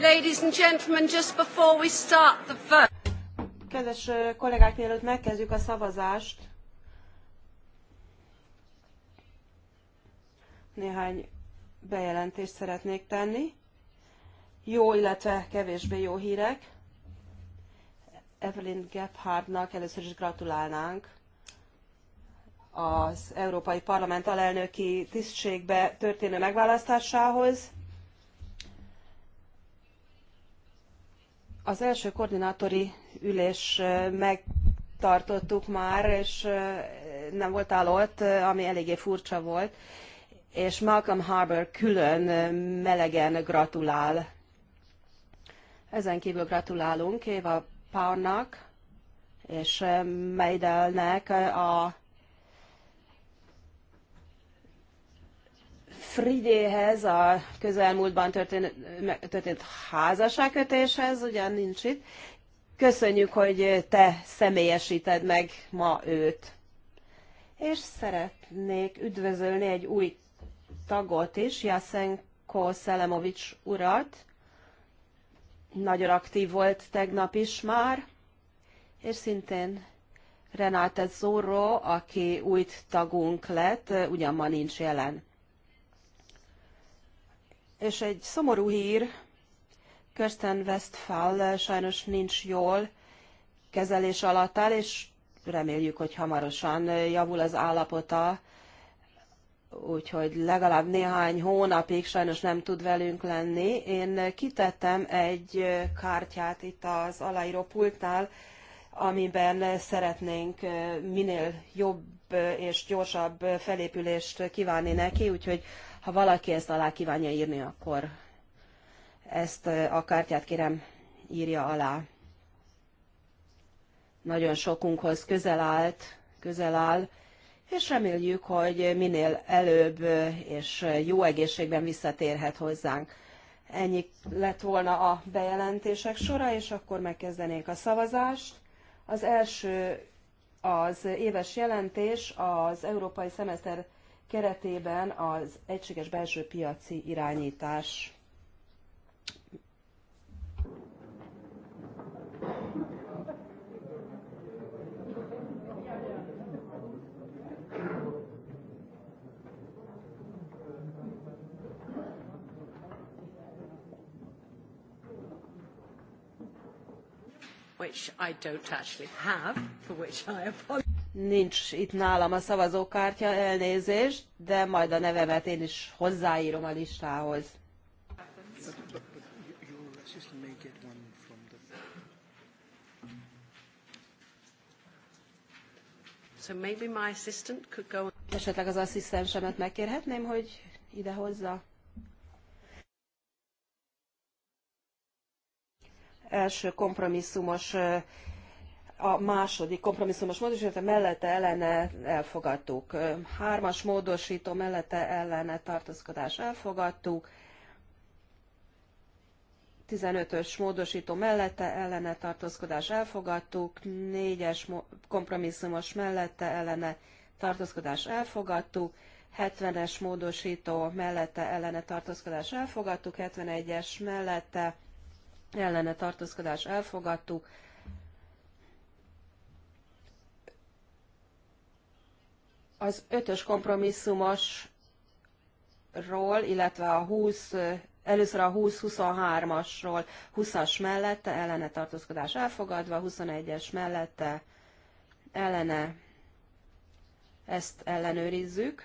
Ladies and gentlemen, just before we start the vote. Kedves kollégák, mielőtt megkezdjük a szavazást, néhány bejelentést szeretnék tenni. Jó, illetve kevésbé jó hírek. Evelyn Gephardnak először is gratulálnánk az Európai Parlament alelnöki tisztségbe történő megválasztásához Az első koordinátori ülés megtartottuk már, és nem voltál ott, ami eléggé furcsa volt, és Malcolm Harbour külön melegen gratulál. Ezen kívül gratulálunk Éva Párnak és Meidelnek a Fridéhez, a közelmúltban történt, történt házasságkötéshez, ugyan nincs itt. Köszönjük, hogy te személyesíted meg ma őt. És szeretnék üdvözölni egy új tagot is, Jaszenko Szelemovics urat. Nagyon aktív volt tegnap is már, és szintén Renáte Zorro, aki új tagunk lett, ugyan ma nincs jelen. És egy szomorú hír, Kirsten Westphal eh, sajnos nincs jól, kezelés alatt áll, és reméljük, hogy hamarosan eh, javul az állapota, úgyhogy legalább néhány hónapig sajnos nem tud velünk lenni. Én eh, kitettem egy kártyát itt az aláíró pultnál, amiben szeretnénk minél jobb és gyorsabb felépülést kívánni neki, úgyhogy ha valaki ezt alá kívánja írni, akkor ezt a kártyát kérem írja alá. Nagyon sokunkhoz közel állt, közel áll, és reméljük, hogy minél előbb és jó egészségben visszatérhet hozzánk. Ennyi lett volna a bejelentések sora, és akkor megkezdenék a szavazást. Az első az éves jelentés az európai szemeszter keretében az egységes belső piaci irányítás which I don't actually have, for which I apologize nincs itt nálam a szavazókártya, elnézést, de majd a nevemet én is hozzáírom a listához. So maybe my assistant could go... Esetleg az asszisztensemet megkérhetném, hogy ide hozza. Első kompromisszumos a második kompromisszumos módosító mellette ellene elfogadtuk. Hármas módosító mellette ellene tartózkodás elfogadtuk. 15-ös módosító mellette ellene tartózkodás elfogadtuk, 4-es kompromisszumos mellette ellene tartózkodás elfogadtuk, 70-es módosító mellette ellene tartózkodás elfogadtuk, 71-es mellette ellene tartózkodás elfogadtuk, Az ötös kompromisszumosról, illetve a 20, először a 20-23-asról, 20-as mellette ellene tartózkodás elfogadva, 21-es mellette ellene ezt ellenőrizzük.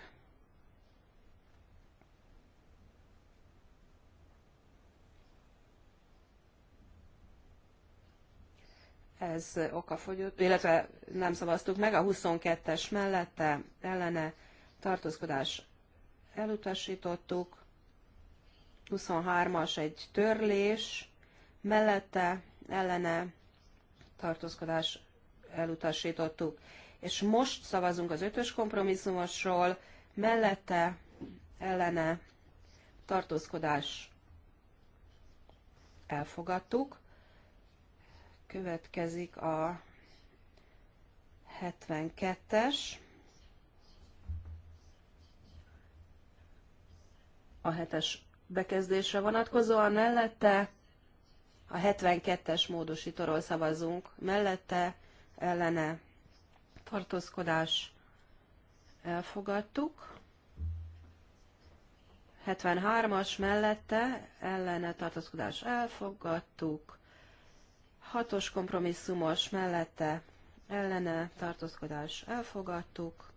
ez okafogyott, illetve nem szavaztuk meg, a 22-es mellette ellene tartózkodás elutasítottuk, 23-as egy törlés, mellette ellene tartózkodás elutasítottuk. És most szavazunk az ötös kompromisszumosról, mellette ellene tartózkodás elfogadtuk. Következik a 72-es. A 7-es bekezdésre vonatkozóan mellette a 72-es módosítóról szavazunk, mellette ellene tartózkodás elfogadtuk. 73-as mellette ellene tartózkodás elfogadtuk. Hatos kompromisszumos mellette ellene tartózkodás elfogadtuk.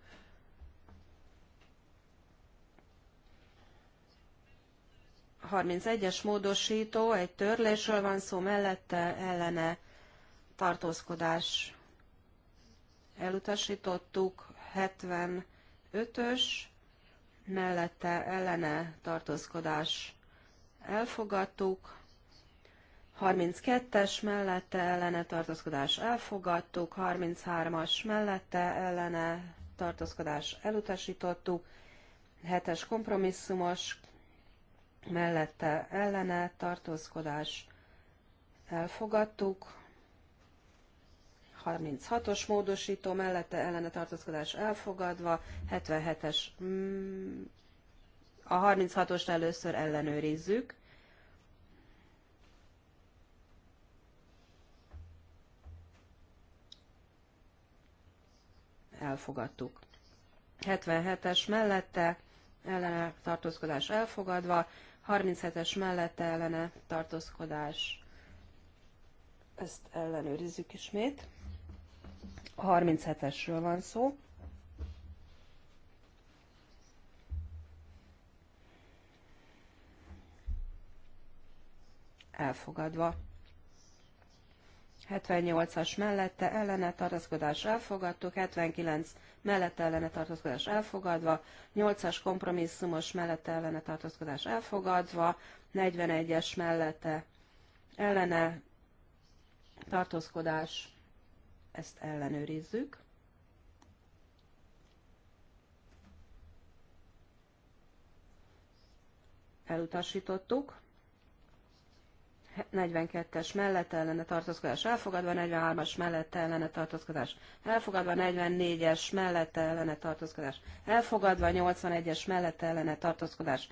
A 31-es módosító, egy törlésről van szó, mellette ellene tartózkodás elutasítottuk, 75-ös, mellette ellene tartózkodás elfogadtuk, 32-es mellette ellene tartózkodás elfogadtuk, 33-as mellette ellene tartózkodás elutasítottuk, 7-es kompromisszumos mellette ellene tartózkodás elfogadtuk, 36-os módosító mellette ellene tartózkodás elfogadva, 77-es mm, a 36-ost először ellenőrizzük. elfogadtuk. 77-es mellette ellene tartózkodás elfogadva, 37-es mellette ellene tartózkodás, ezt ellenőrizzük ismét. A 37-esről van szó. Elfogadva. 78-as mellette ellene tartozkodás elfogadtuk, 79 mellette ellene tartozkodás elfogadva, 8-as kompromisszumos mellette ellene tartozkodás elfogadva, 41-es mellette ellene tartózkodás, ezt ellenőrizzük. Elutasítottuk. 42-es mellette ellene tartózkodás elfogadva, 43-as mellette ellene tartózkodás elfogadva, 44-es mellette ellene tartózkodás elfogadva, 81-es mellette ellene tartózkodás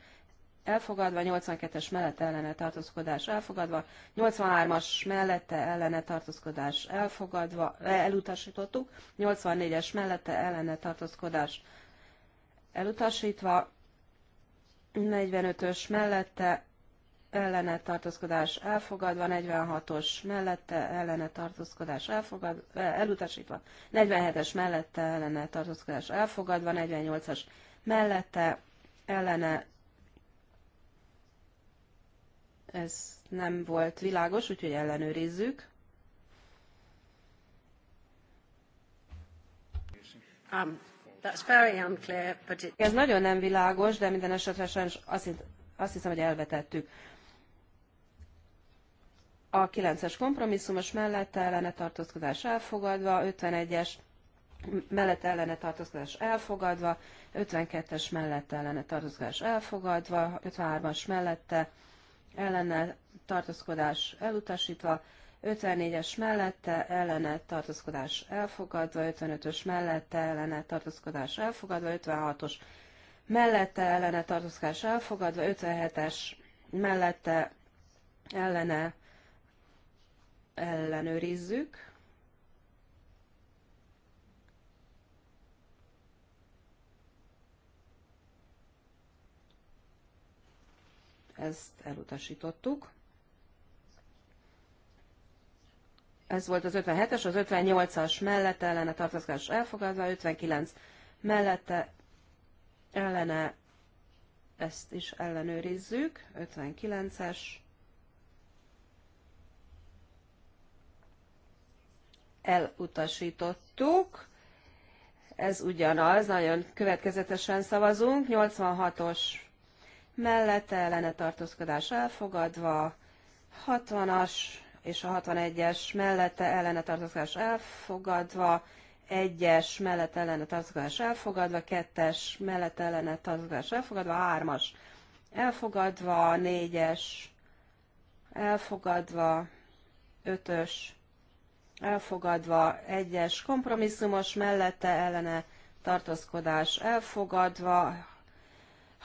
elfogadva, 82-es mellette ellene tartózkodás elfogadva, 83-as mellette ellene tartózkodás elfogadva, elutasítottuk, 84-es mellette ellene tartózkodás elutasítva, 45-ös mellette ellene tartózkodás elfogadva, 46-os mellette ellene tartózkodás elfogad, eh, elutasítva, 47-es mellette ellene tartózkodás elfogadva, 48-as mellette ellene ez nem volt világos, úgyhogy ellenőrizzük. Um, that's very unclear, but it... Ez nagyon nem világos, de minden esetre sajnos azt, azt hiszem, hogy elvetettük a 9-es kompromisszumos mellette ellene tartózkodás elfogadva, 51-es mellette ellene tartózkodás elfogadva, 52-es mellette ellene tartózkodás elfogadva, 53-as mellette ellene tartózkodás elutasítva, 54-es mellette ellene tartózkodás elfogadva, 55-ös mellette ellene tartózkodás elfogadva, 56-os mellette ellene tartózkodás elfogadva, 57-es mellette ellene ellenőrizzük. Ezt elutasítottuk. Ez volt az 57-es, az 58-as mellette ellene tartozkodás elfogadva, 59 mellette ellene ezt is ellenőrizzük, 59-es. elutasítottuk. Ez ugyanaz, nagyon következetesen szavazunk. 86-os mellette ellene tartózkodás elfogadva, 60-as és a 61-es mellette ellene tartózkodás elfogadva, 1-es mellette ellene tartózkodás elfogadva, 2-es mellette ellene tartózkodás elfogadva, 3-as elfogadva, 4-es elfogadva, 5-ös elfogadva, egyes kompromisszumos mellette ellene tartózkodás elfogadva,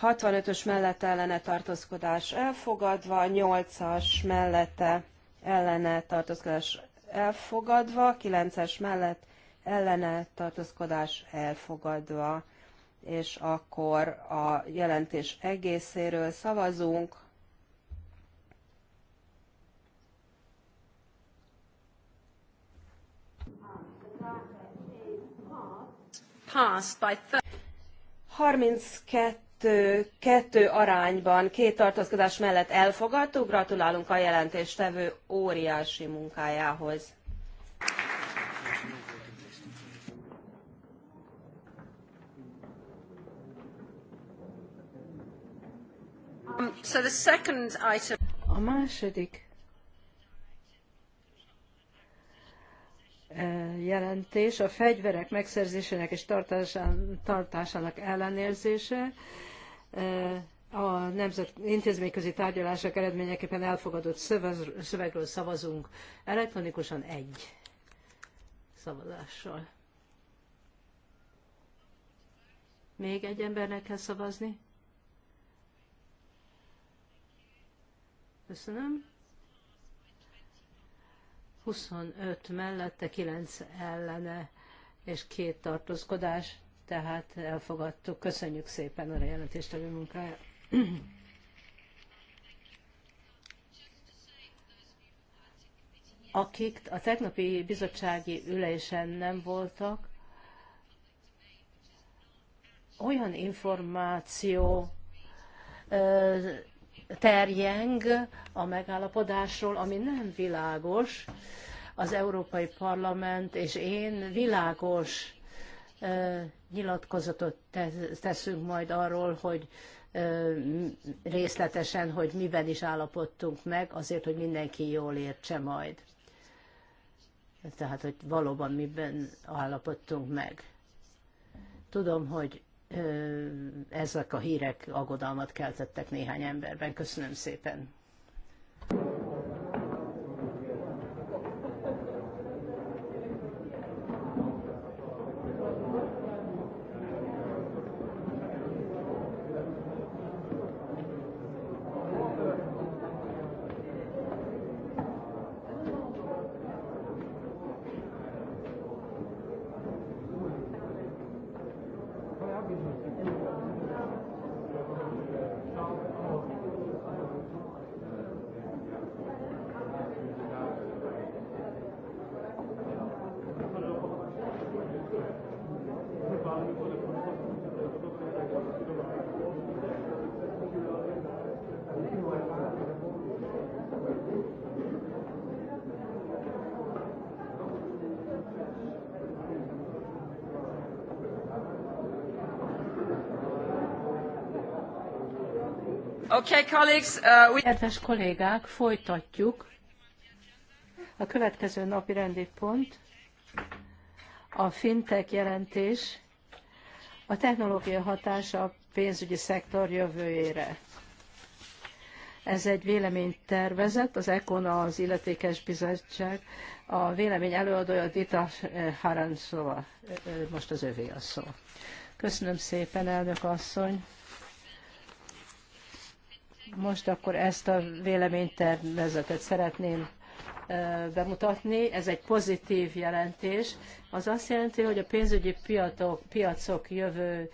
65-ös mellette ellene tartózkodás elfogadva, 8-as mellette ellene tartózkodás elfogadva, 9-es mellett ellene tartózkodás elfogadva, és akkor a jelentés egészéről szavazunk. passed by 32 kettő arányban két tartózkodás mellett elfogadtuk. Gratulálunk a jelentéstevő óriási munkájához. Um, a második jelentés, a fegyverek megszerzésének és tartásán, tartásának ellenérzése, a nemzet intézményközi tárgyalások eredményeképpen elfogadott szövegről szavazunk elektronikusan egy szavazással. Még egy embernek kell szavazni? Köszönöm. 25 mellette, 9 ellene és két tartózkodás, tehát elfogadtuk. Köszönjük szépen a a munkáját. Akik a tegnapi bizottsági ülésen nem voltak, olyan információ terjeng a megállapodásról, ami nem világos. Az Európai Parlament és én világos nyilatkozatot teszünk majd arról, hogy részletesen, hogy miben is állapodtunk meg, azért, hogy mindenki jól értse majd. Tehát, hogy valóban miben állapodtunk meg. Tudom, hogy ezek a hírek aggodalmat keltettek néhány emberben. Köszönöm szépen. Okay, colleagues, uh, we... Kedves kollégák, folytatjuk. A következő napi rendi pont a fintech jelentés, a technológia hatása a pénzügyi szektor jövőjére. Ez egy véleménytervezet, az ECONA, az illetékes bizottság, a vélemény előadója Dita Haranszova, most az övé a szó. Köszönöm szépen, elnök asszony! Most akkor ezt a véleménytervezetet szeretném bemutatni. Ez egy pozitív jelentés. Az azt jelenti, hogy a pénzügyi piatok, piacok jövő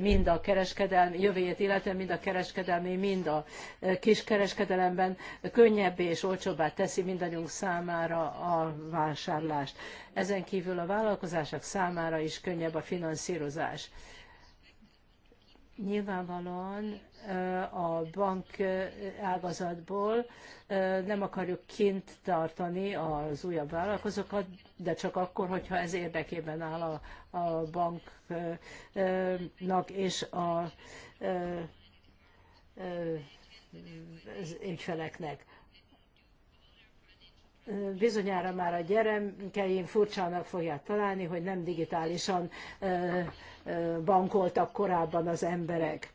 mind a kereskedelmi, jövőjét illetve mind a kereskedelmi, mind a kiskereskedelemben könnyebbé és olcsóbbá teszi mindannyiunk számára a vásárlást. Ezen kívül a vállalkozások számára is könnyebb a finanszírozás nyilvánvalóan a bank ágazatból nem akarjuk kint tartani az újabb vállalkozókat, de csak akkor, hogyha ez érdekében áll a, a banknak és a az ügyfeleknek. Bizonyára már a gyerekeim furcsának fogják találni, hogy nem digitálisan bankoltak korábban az emberek.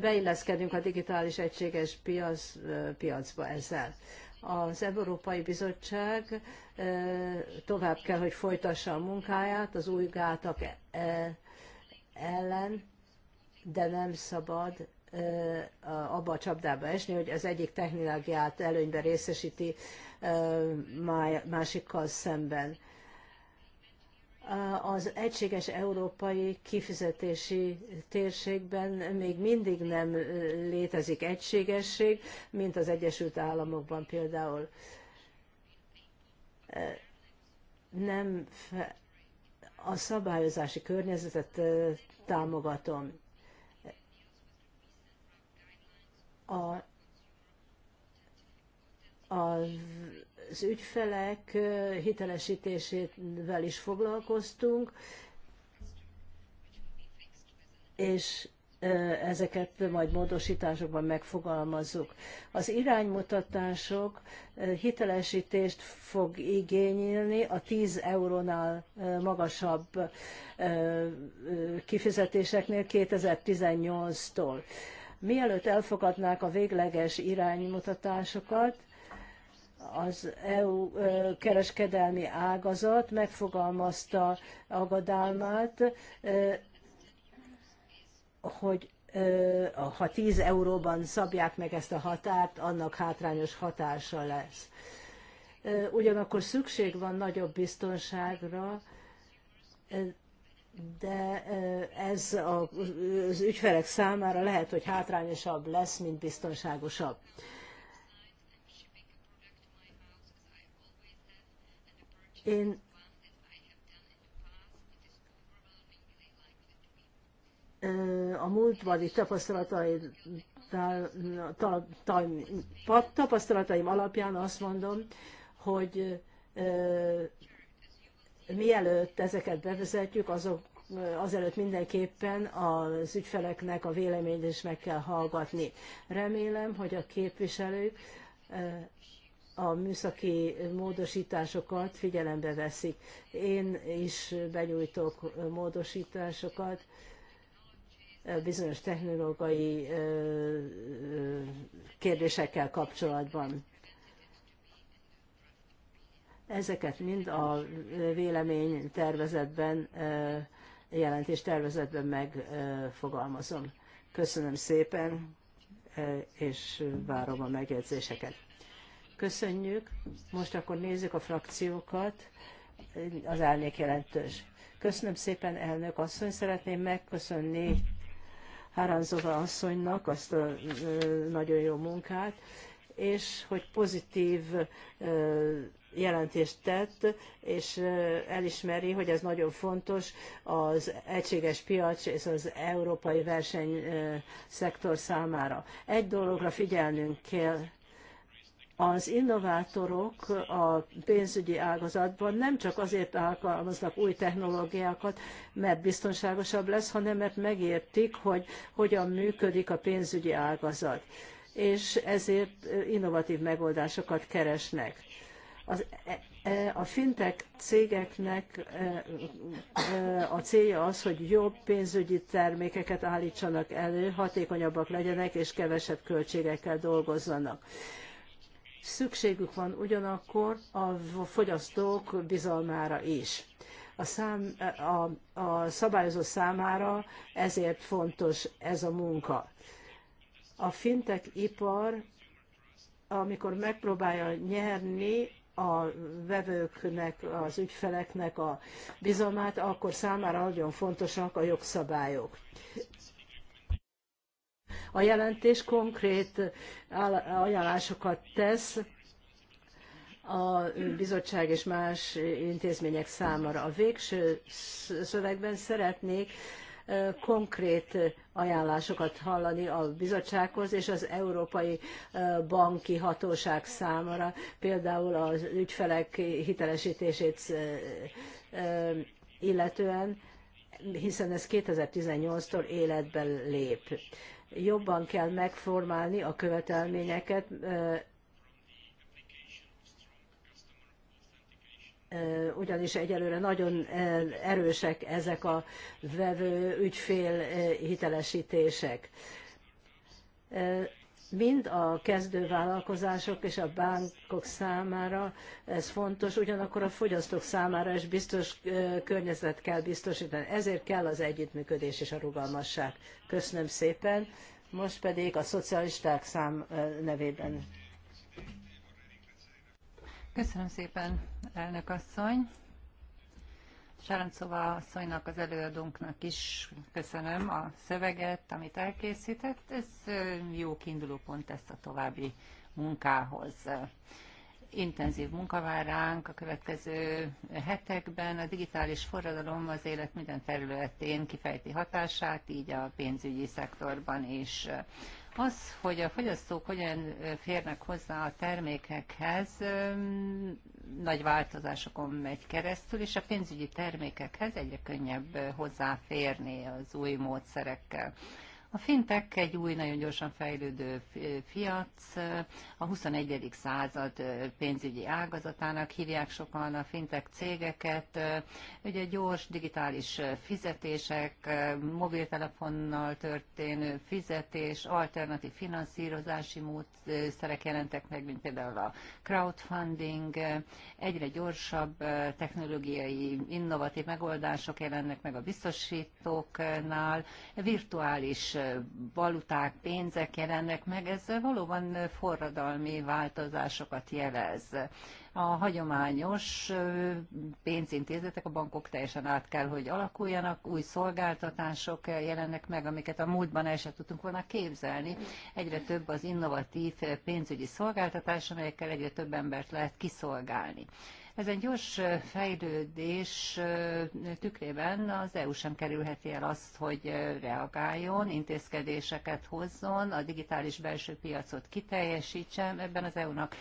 Beilleszkedünk a digitális egységes piac, piacba ezzel az Európai Bizottság tovább kell, hogy folytassa a munkáját az új gátak e, e, ellen, de nem szabad abba a csapdába esni, hogy az egyik technológiát előnyben részesíti másikkal szemben az egységes európai kifizetési térségben még mindig nem létezik egységesség, mint az Egyesült Államokban például. Nem a szabályozási környezetet támogatom. A, a az ügyfelek hitelesítésével is foglalkoztunk, és ezeket majd módosításokban megfogalmazzuk. Az iránymutatások hitelesítést fog igényelni a 10 eurónál magasabb kifizetéseknél 2018-tól. Mielőtt elfogadnák a végleges iránymutatásokat, az EU kereskedelmi ágazat megfogalmazta aggodalmát, hogy ha 10 euróban szabják meg ezt a határt, annak hátrányos hatása lesz. Ugyanakkor szükség van nagyobb biztonságra, de ez az ügyfelek számára lehet, hogy hátrányosabb lesz, mint biztonságosabb. Én a múltbeli tapasztalataim, tapasztalataim alapján azt mondom, hogy mielőtt ezeket bevezetjük, azok azelőtt mindenképpen az ügyfeleknek a véleményt is meg kell hallgatni. Remélem, hogy a képviselők a műszaki módosításokat figyelembe veszik. Én is benyújtok módosításokat bizonyos technológiai kérdésekkel kapcsolatban. Ezeket mind a vélemény tervezetben, jelentés tervezetben megfogalmazom. Köszönöm szépen, és várom a megjegyzéseket. Köszönjük. Most akkor nézzük a frakciókat. Az árnyék jelentős. Köszönöm szépen, elnök asszony. Szeretném megköszönni Háránzova asszonynak azt a nagyon jó munkát, és hogy pozitív jelentést tett, és elismeri, hogy ez nagyon fontos az egységes piac és az európai versenyszektor számára. Egy dologra figyelnünk kell, az innovátorok a pénzügyi ágazatban nem csak azért alkalmaznak új technológiákat, mert biztonságosabb lesz, hanem mert megértik, hogy hogyan működik a pénzügyi ágazat. És ezért innovatív megoldásokat keresnek. Az, e, e, a fintech cégeknek e, a célja az, hogy jobb pénzügyi termékeket állítsanak elő, hatékonyabbak legyenek és kevesebb költségekkel dolgozzanak Szükségük van ugyanakkor a fogyasztók bizalmára is. A, szám, a, a szabályozó számára ezért fontos ez a munka. A fintek ipar, amikor megpróbálja nyerni a vevőknek, az ügyfeleknek a bizalmát, akkor számára nagyon fontosak a jogszabályok. A jelentés konkrét ajánlásokat tesz a bizottság és más intézmények számára. A végső szövegben szeretnék konkrét ajánlásokat hallani a bizottsághoz és az Európai Banki Hatóság számára, például az ügyfelek hitelesítését illetően, hiszen ez 2018-tól életben lép. Jobban kell megformálni a követelményeket, ugyanis egyelőre nagyon erősek ezek a vevő ügyfél hitelesítések mind a kezdővállalkozások és a bankok számára ez fontos, ugyanakkor a fogyasztók számára is biztos környezet kell biztosítani. Ezért kell az együttműködés és a rugalmasság. Köszönöm szépen. Most pedig a szocialisták szám nevében. Köszönöm szépen, elnök asszony. Sárancova asszonynak, az előadónknak is köszönöm a szöveget, amit elkészített. Ez jó kiinduló pont ezt a további munkához. Intenzív munka vár ránk a következő hetekben. A digitális forradalom az élet minden területén kifejti hatását, így a pénzügyi szektorban is. Az, hogy a fogyasztók hogyan férnek hozzá a termékekhez, nagy változásokon megy keresztül, és a pénzügyi termékekhez egyre könnyebb hozzáférni az új módszerekkel. A fintek egy új, nagyon gyorsan fejlődő piac, a 21. század pénzügyi ágazatának hívják sokan a fintek cégeket. Ugye gyors digitális fizetések, mobiltelefonnal történő fizetés, alternatív finanszírozási módszerek jelentek meg, mint például a crowdfunding, egyre gyorsabb technológiai innovatív megoldások jelennek meg a biztosítóknál, virtuális valuták, pénzek jelennek meg, ez valóban forradalmi változásokat jelez. A hagyományos pénzintézetek, a bankok teljesen át kell, hogy alakuljanak, új szolgáltatások jelennek meg, amiket a múltban el sem tudtunk volna képzelni. Egyre több az innovatív pénzügyi szolgáltatás, amelyekkel egyre több embert lehet kiszolgálni. Ezen gyors fejlődés tükrében az EU sem kerülheti el azt, hogy reagáljon, intézkedéseket hozzon, a digitális belső piacot kiteljesítsen, ebben az EU-nak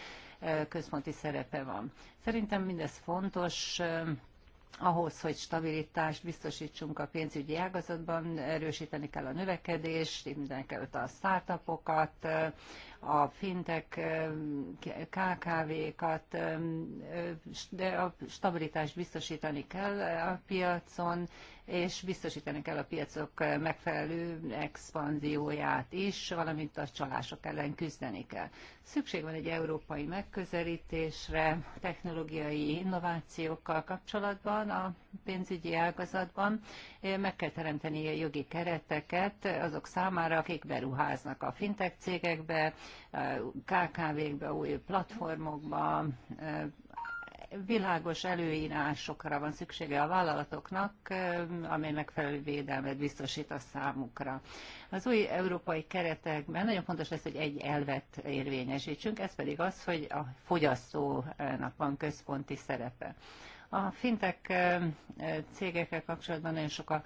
központi szerepe van. Szerintem mindez fontos, ahhoz, hogy stabilitást biztosítsunk a pénzügyi ágazatban, erősíteni kell a növekedést, mindenek előtt a startupokat, a fintek, KKV-kat, de a stabilitást biztosítani kell a piacon, és biztosítani kell a piacok megfelelő expanzióját is, valamint a csalások ellen küzdeni kell. Szükség van egy európai megközelítésre, technológiai innovációkkal kapcsolatban a pénzügyi ágazatban. Meg kell teremteni a jogi kereteket azok számára, akik beruháznak a fintech cégekbe, KKV-kbe, új platformokba, világos előírásokra van szüksége a vállalatoknak, eh, amely megfelelő védelmet biztosít a számukra. Az új európai keretekben nagyon fontos lesz, hogy egy elvet érvényesítsünk, ez pedig az, hogy a fogyasztónak van központi szerepe. A fintek cégekkel kapcsolatban nagyon sok a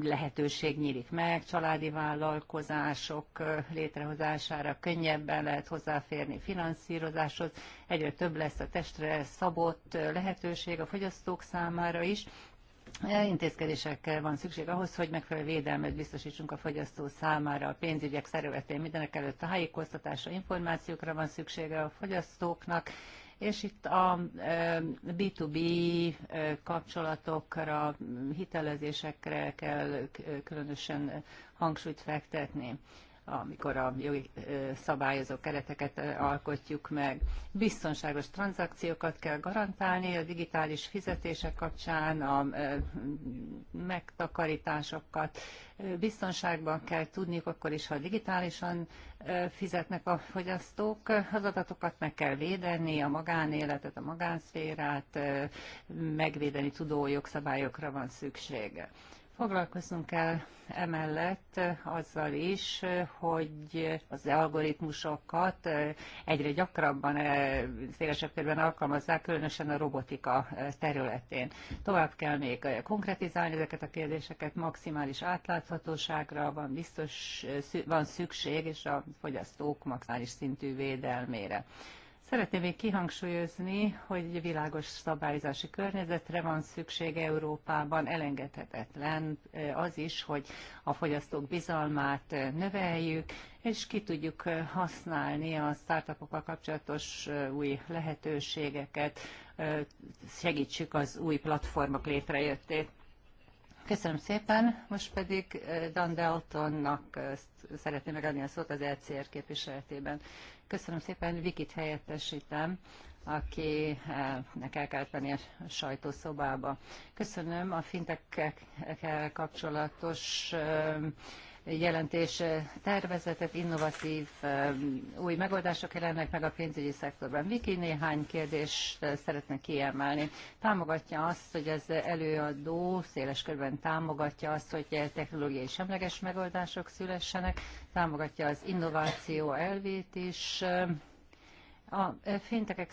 lehetőség nyílik meg, családi vállalkozások létrehozására könnyebben lehet hozzáférni finanszírozáshoz, egyre több lesz a testre szabott lehetőség a fogyasztók számára is, e, Intézkedésekkel van szükség ahhoz, hogy megfelelő védelmet biztosítsunk a fogyasztó számára a pénzügyek területén. Mindenek előtt a helyi információkra van szüksége a fogyasztóknak, és itt a B2B kapcsolatokra, hitelezésekre kell különösen hangsúlyt fektetni amikor a jogi szabályozó kereteket alkotjuk meg. Biztonságos tranzakciókat kell garantálni a digitális fizetések kapcsán, a megtakarításokat biztonságban kell tudniuk akkor is, ha digitálisan fizetnek a fogyasztók, az adatokat meg kell védeni, a magánéletet, a magánszférát, megvédeni tudó jogszabályokra van szüksége. Foglalkoznunk kell emellett azzal is, hogy az algoritmusokat egyre gyakrabban eh, szélesebb körben alkalmazzák, különösen a robotika eh, területén. Tovább kell még eh, konkretizálni ezeket a kérdéseket, maximális átláthatóságra van biztos van szükség, és a fogyasztók maximális szintű védelmére. Szeretném még kihangsúlyozni, hogy világos szabályozási környezetre van szükség Európában, elengedhetetlen az is, hogy a fogyasztók bizalmát növeljük, és ki tudjuk használni a startupokkal kapcsolatos új lehetőségeket, segítsük az új platformok létrejöttét. Köszönöm szépen, most pedig Dan Daltonnak szeretném megadni a szót az LCR e képviseletében. Köszönöm szépen, Vikit helyettesítem akinek eh, el kellett venni a sajtószobába. Köszönöm a fintekkel kapcsolatos eh, jelentés eh, tervezetet, innovatív eh, új megoldások jelennek meg a pénzügyi szektorban. Viki néhány kérdést eh, szeretne kiemelni. Támogatja azt, hogy az előadó széles körben támogatja azt, hogy technológiai semleges megoldások szülessenek, támogatja az innováció elvét is, a fintekek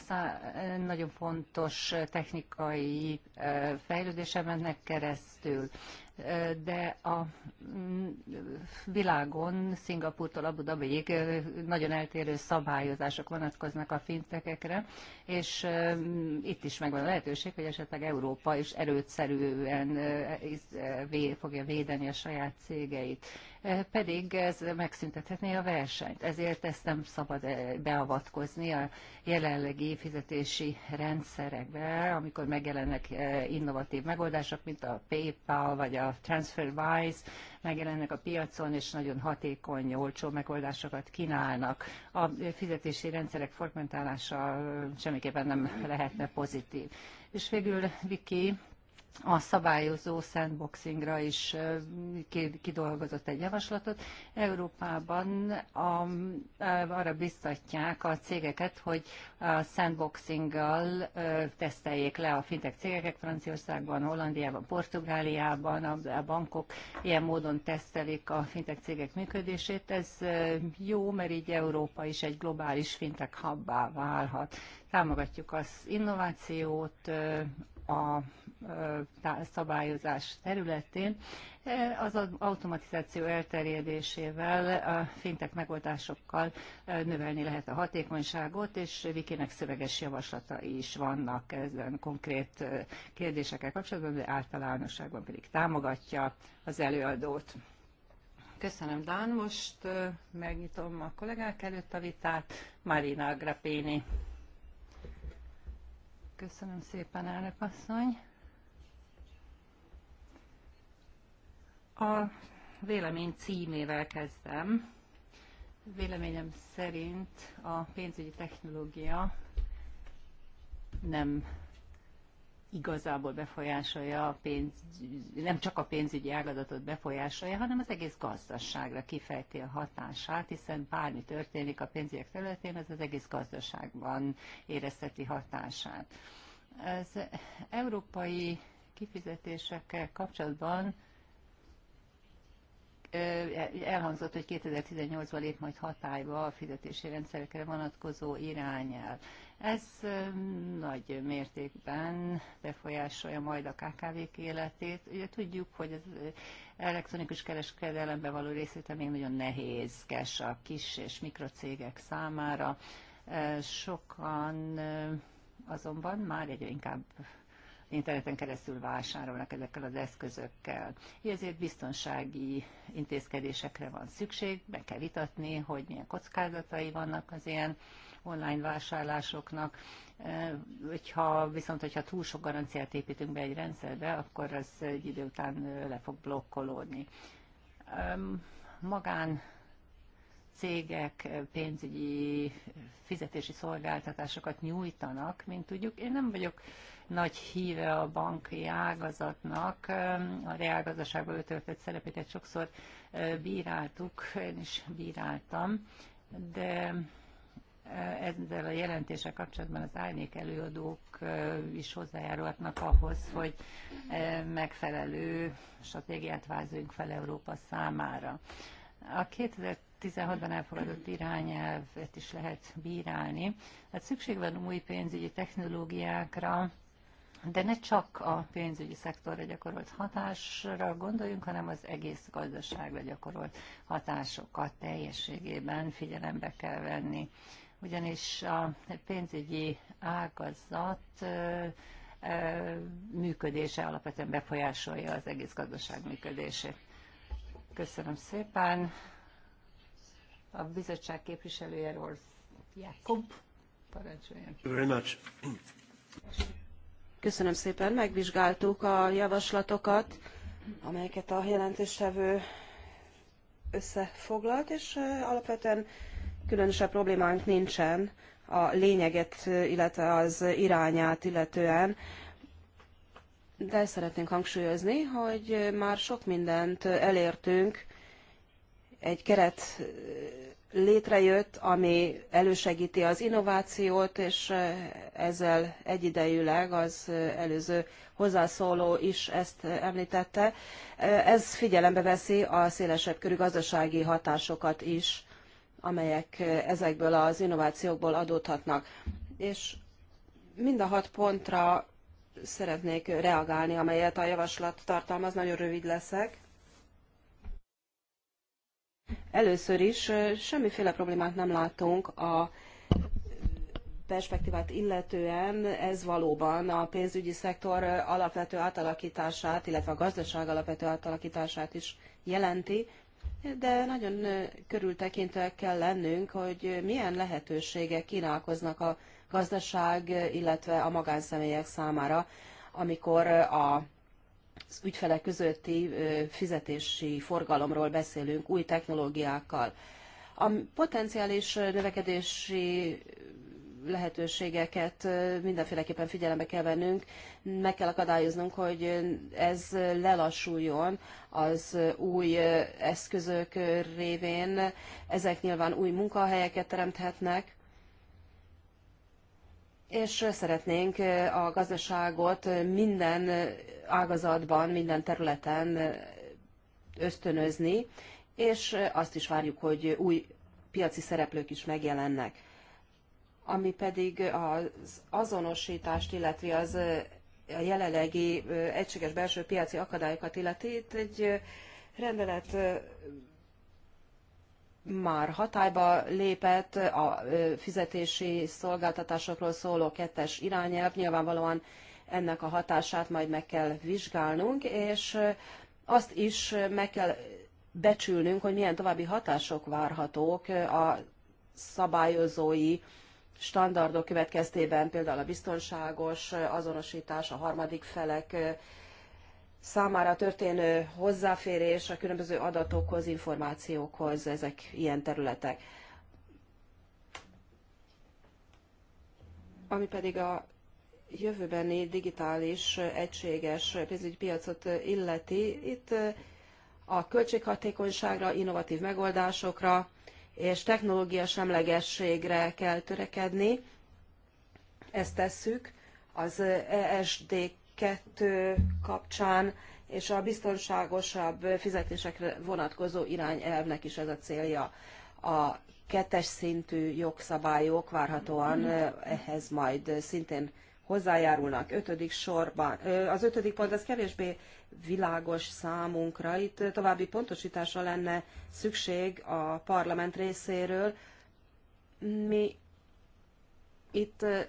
nagyon fontos technikai fejlődése mennek keresztül de a mm, világon Szingapurtól Abu Dhabiig nagyon eltérő szabályozások vonatkoznak a fintekekre, és mm, itt is megvan a lehetőség, hogy esetleg Európa is erőszerűen fogja védeni a saját cégeit. Pedig ez megszüntethetné a versenyt, ezért ezt nem szabad beavatkozni a jelenlegi fizetési rendszerekbe, amikor megjelennek innovatív megoldások, mint a PayPal vagy a a TransferWise megjelennek a piacon, és nagyon hatékony, olcsó megoldásokat kínálnak. A fizetési rendszerek fragmentálása semmiképpen nem lehetne pozitív. És végül, Viki, a szabályozó sandboxingra is kidolgozott egy javaslatot. Európában a, arra biztatják a cégeket, hogy a sandboxinggal teszteljék le a fintek cégeket Franciaországban, Hollandiában, Portugáliában, a, bankok ilyen módon tesztelik a fintek cégek működését. Ez jó, mert így Európa is egy globális fintek hubbá válhat. Támogatjuk az innovációt, a szabályozás területén. E, az automatizáció elterjedésével, a fintek megoldásokkal e, növelni lehet a hatékonyságot, és Vikinek szöveges javaslata is vannak ezen konkrét e, kérdésekkel kapcsolatban, de általánosságban pedig támogatja az előadót. Köszönöm, Dán. Most megnyitom a kollégák előtt a vitát. Marina Grappini. Köszönöm szépen, elnök asszony. A vélemény címével kezdem. Véleményem szerint a pénzügyi technológia nem igazából befolyásolja a pénz, nem csak a pénzügyi ágazatot befolyásolja, hanem az egész gazdaságra kifejti a hatását, hiszen bármi történik a pénzügyek területén, az az egész gazdaságban érezheti hatását. Az európai kifizetésekkel kapcsolatban elhangzott, hogy 2018-ban lép majd hatályba a fizetési rendszerekre vonatkozó irányel. Ez nagy mértékben befolyásolja majd a KKV-k életét. Ugye tudjuk, hogy az elektronikus kereskedelembe való részvétel még nagyon nehézkes a kis és mikrocégek számára. Sokan azonban már egyre inkább interneten keresztül vásárolnak ezekkel az eszközökkel. Így ezért biztonsági intézkedésekre van szükség, be kell vitatni, hogy milyen kockázatai vannak az ilyen online vásárlásoknak. Hogyha, viszont, hogyha túl sok garanciát építünk be egy rendszerbe, akkor az egy idő után le fog blokkolódni. Magán cégek pénzügyi fizetési szolgáltatásokat nyújtanak, mint tudjuk. Én nem vagyok nagy híve a banki ágazatnak, a reálgazdaságban ötöltött szerepét sokszor bíráltuk, én is bíráltam, de ezzel a jelentéssel kapcsolatban az árnyék előadók is hozzájárulhatnak ahhoz, hogy megfelelő stratégiát vázoljunk fel Európa számára. A 2016-ban elfogadott irányelvet is lehet bírálni. Hát szükség van új pénzügyi technológiákra, de ne csak a pénzügyi szektorra gyakorolt hatásra gondoljunk, hanem az egész gazdaságra gyakorolt hatásokat teljességében figyelembe kell venni ugyanis a pénzügyi ágazat működése alapvetően befolyásolja az egész gazdaság működését. Köszönöm szépen. A bizottság képviselője Rolf Jakob. Parancsoljon. Very much. Köszönöm szépen. Megvizsgáltuk a javaslatokat, amelyeket a jelentéstevő összefoglalt, és alapvetően különösebb problémánk nincsen a lényeget, illetve az irányát illetően. De szeretnénk hangsúlyozni, hogy már sok mindent elértünk, egy keret létrejött, ami elősegíti az innovációt, és ezzel egyidejűleg az előző hozzászóló is ezt említette. Ez figyelembe veszi a szélesebb körű gazdasági hatásokat is amelyek ezekből az innovációkból adódhatnak. És mind a hat pontra szeretnék reagálni, amelyet a javaslat tartalmaz, nagyon rövid leszek. Először is semmiféle problémát nem látunk a perspektívát illetően ez valóban a pénzügyi szektor alapvető átalakítását, illetve a gazdaság alapvető átalakítását is jelenti de nagyon körültekintőek kell lennünk, hogy milyen lehetőségek kínálkoznak a gazdaság, illetve a magánszemélyek számára, amikor a az ügyfelek közötti fizetési forgalomról beszélünk új technológiákkal. A potenciális növekedési lehetőségeket mindenféleképpen figyelembe kell vennünk, meg kell akadályoznunk, hogy ez lelassuljon az új eszközök révén. Ezek nyilván új munkahelyeket teremthetnek, és szeretnénk a gazdaságot minden ágazatban, minden területen ösztönözni, és azt is várjuk, hogy új piaci szereplők is megjelennek ami pedig az azonosítást illeti az a jelenlegi egységes belső piaci akadályokat illeti. Itt egy rendelet már hatályba lépett a fizetési szolgáltatásokról szóló kettes irányelv. Nyilvánvalóan ennek a hatását majd meg kell vizsgálnunk, és azt is meg kell becsülnünk, hogy milyen további hatások várhatók a szabályozói standardok következtében, például a biztonságos azonosítás, a harmadik felek számára történő hozzáférés a különböző adatokhoz, információkhoz, ezek ilyen területek. Ami pedig a jövőbeni digitális egységes pénzügyi piacot illeti, itt a költséghatékonyságra, innovatív megoldásokra, és technológia semlegességre kell törekedni. Ezt tesszük az ESD2 kapcsán, és a biztonságosabb fizetésekre vonatkozó irányelvnek is ez a célja. A kettes szintű jogszabályok várhatóan ehhez majd szintén hozzájárulnak. Ötödik sorban, az ötödik pont, az kevésbé világos számunkra. Itt további pontosításra lenne szükség a parlament részéről. Mi itt eh,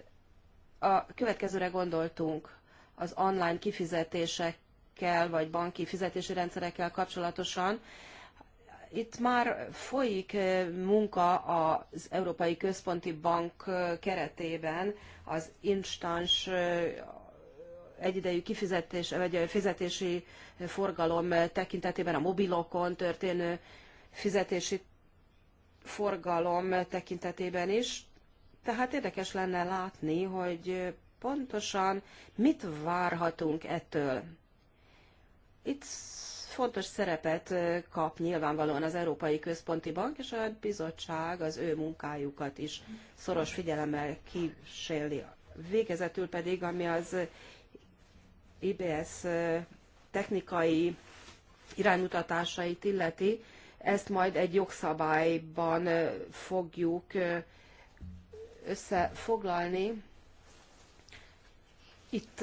a következőre gondoltunk az online kifizetésekkel, vagy banki fizetési rendszerekkel kapcsolatosan. Itt már folyik eh, munka az Európai Központi Bank eh, keretében az instans egyidejű kifizetés, vagy fizetési forgalom tekintetében a mobilokon történő fizetési forgalom tekintetében is. Tehát érdekes lenne látni, hogy pontosan mit várhatunk ettől. Itt fontos szerepet kap nyilvánvalóan az Európai Központi Bank, és a bizottság az ő munkájukat is szoros figyelemmel kísérli. Végezetül pedig, ami az IBS technikai iránymutatásait illeti, ezt majd egy jogszabályban fogjuk összefoglalni. Itt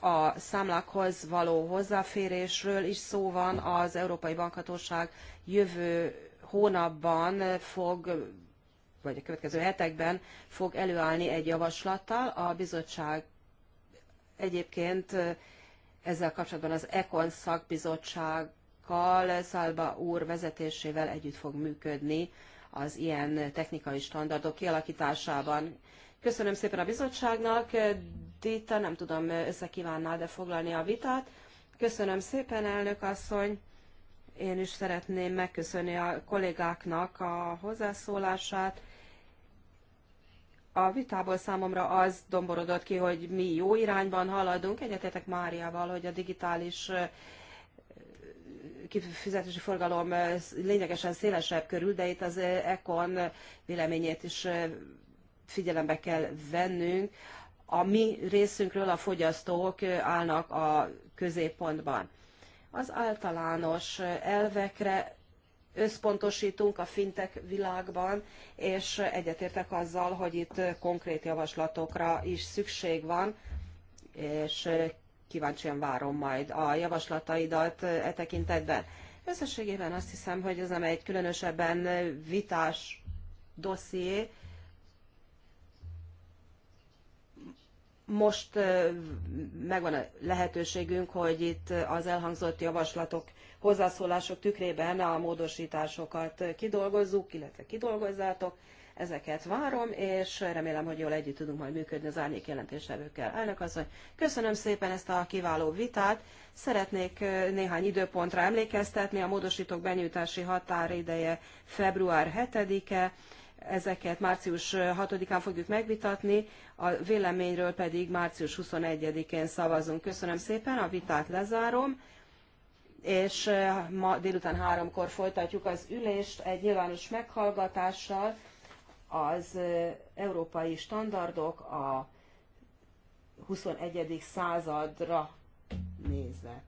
a számlákhoz való hozzáférésről is szó van, az Európai Bankhatóság jövő hónapban fog, vagy a következő hetekben fog előállni egy javaslattal, a bizottság egyébként ezzel kapcsolatban az ECON szakbizottsággal, Szalba úr vezetésével együtt fog működni az ilyen technikai standardok kialakításában. Köszönöm szépen a bizottságnak, Dita, nem tudom, összekívánnál, de foglalni a vitát. Köszönöm szépen, elnök asszony. Én is szeretném megköszönni a kollégáknak a hozzászólását a vitából számomra az domborodott ki, hogy mi jó irányban haladunk. Egyetetek Máriával, hogy a digitális kifizetési forgalom lényegesen szélesebb körül, de itt az Econ véleményét is figyelembe kell vennünk. A mi részünkről a fogyasztók állnak a középpontban. Az általános elvekre összpontosítunk a fintek világban, és egyetértek azzal, hogy itt konkrét javaslatokra is szükség van, és kíváncsian várom majd a javaslataidat e tekintetben. Összességében azt hiszem, hogy ez nem egy különösebben vitás dosszié. Most megvan a lehetőségünk, hogy itt az elhangzott javaslatok hozzászólások tükrében a módosításokat kidolgozzuk, illetve kidolgozzátok. Ezeket várom, és remélem, hogy jól együtt tudunk majd működni az árnyék jelentéstevőkkel. Elnök asszony, köszönöm szépen ezt a kiváló vitát. Szeretnék néhány időpontra emlékeztetni. A módosítók benyújtási határideje február 7-e ezeket március 6-án fogjuk megvitatni, a véleményről pedig március 21-én szavazunk. Köszönöm szépen, a vitát lezárom és ma délután háromkor folytatjuk az ülést egy nyilvános meghallgatással az európai standardok a 21. századra nézve.